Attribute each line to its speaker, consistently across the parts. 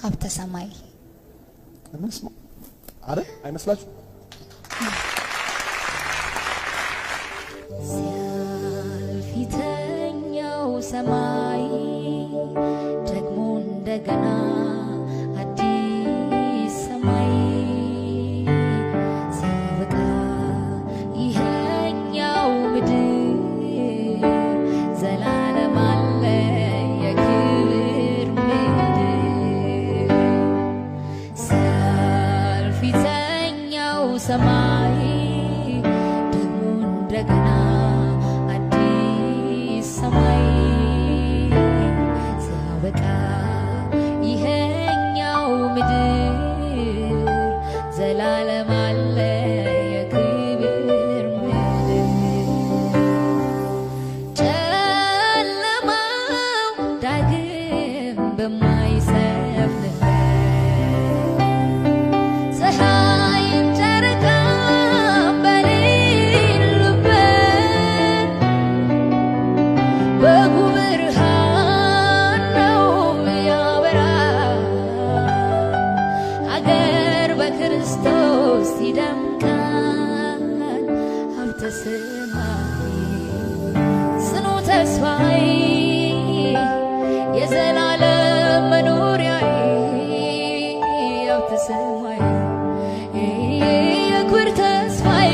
Speaker 1: ሀብተ ሰማይ
Speaker 2: እነሱ አረ አይመስላችሁ?
Speaker 3: ፊተኛው ሰማይ ደግሞ እንደገና समायी भून् ተስማሚ ጽኑ ተስፋዬ የዘላለም መኖሪያ ያው ተሰማዬ የክብር ተስፋዬ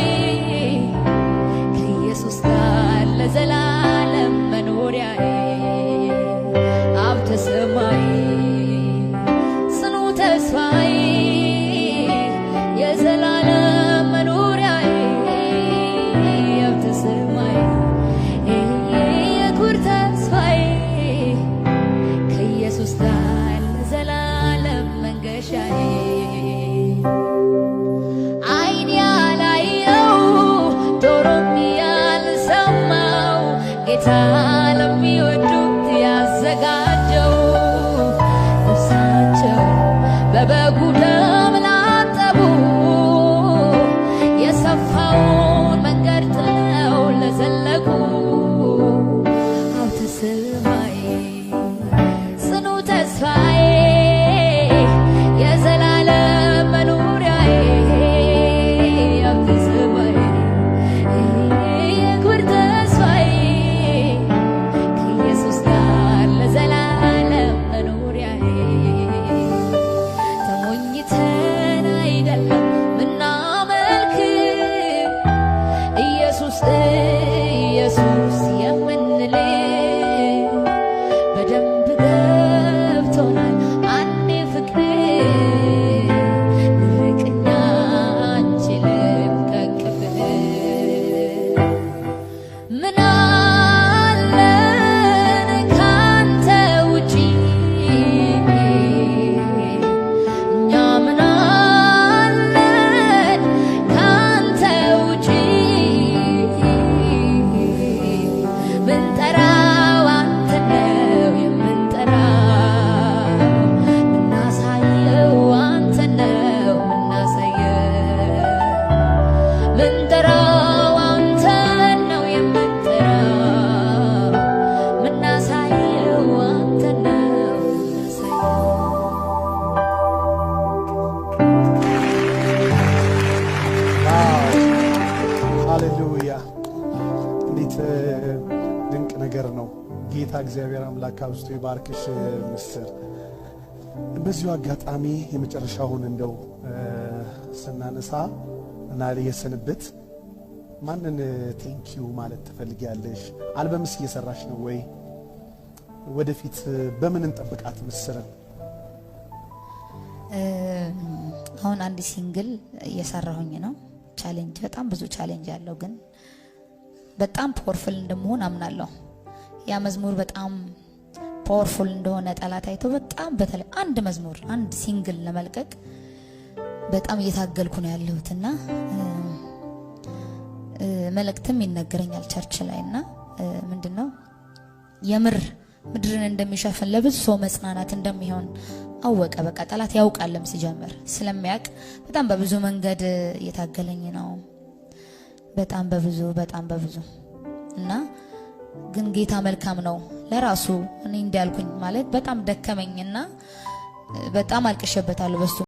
Speaker 3: ከኢየሱስ ጋር ለዘላለም መኖሪያዬ አብ ጽኑ ተስፋዬ ጌታ ለሚወዱት ያዘጋጀው ነፍሳቸው በበጉ
Speaker 2: ጌታ እግዚአብሔር አምላክ ውስጡ ይባርክሽ ምስር። በዚሁ አጋጣሚ የመጨረሻውን እንደው ስናነሳ እና የስንብት ማንን ቴንኪዩ ማለት ትፈልጊያለሽ? አልበምስ እየሰራሽ ነው ወይ? ወደፊት በምን እንጠብቃት ምስርን?
Speaker 1: አሁን አንድ ሲንግል እየሰራሁኝ ነው። ቻሌንጅ በጣም ብዙ ቻሌንጅ አለው፣ ግን በጣም ፖወርፉል እንደመሆን አምናለሁ። ያ መዝሙር በጣም ፓወርፉል እንደሆነ ጠላት አይቶ በጣም በተለይ አንድ መዝሙር አንድ ሲንግል ለመልቀቅ በጣም እየታገልኩ ነው ያለሁት እና መልእክትም ይነገረኛል ቸርች ላይ እና ምንድን ነው የምር ምድርን እንደሚሸፍን ለብዙ ሰው መጽናናት እንደሚሆን አወቀ። በቃ ጠላት ያውቃለም ሲጀምር ስለሚያውቅ በጣም በብዙ መንገድ እየታገለኝ ነው። በጣም በብዙ በጣም በብዙ እና ግን ጌታ መልካም ነው። ለራሱ እኔ እንዲያልኩኝ ማለት በጣም ደከመኝና በጣም አልቅሸበታለሁ በሱ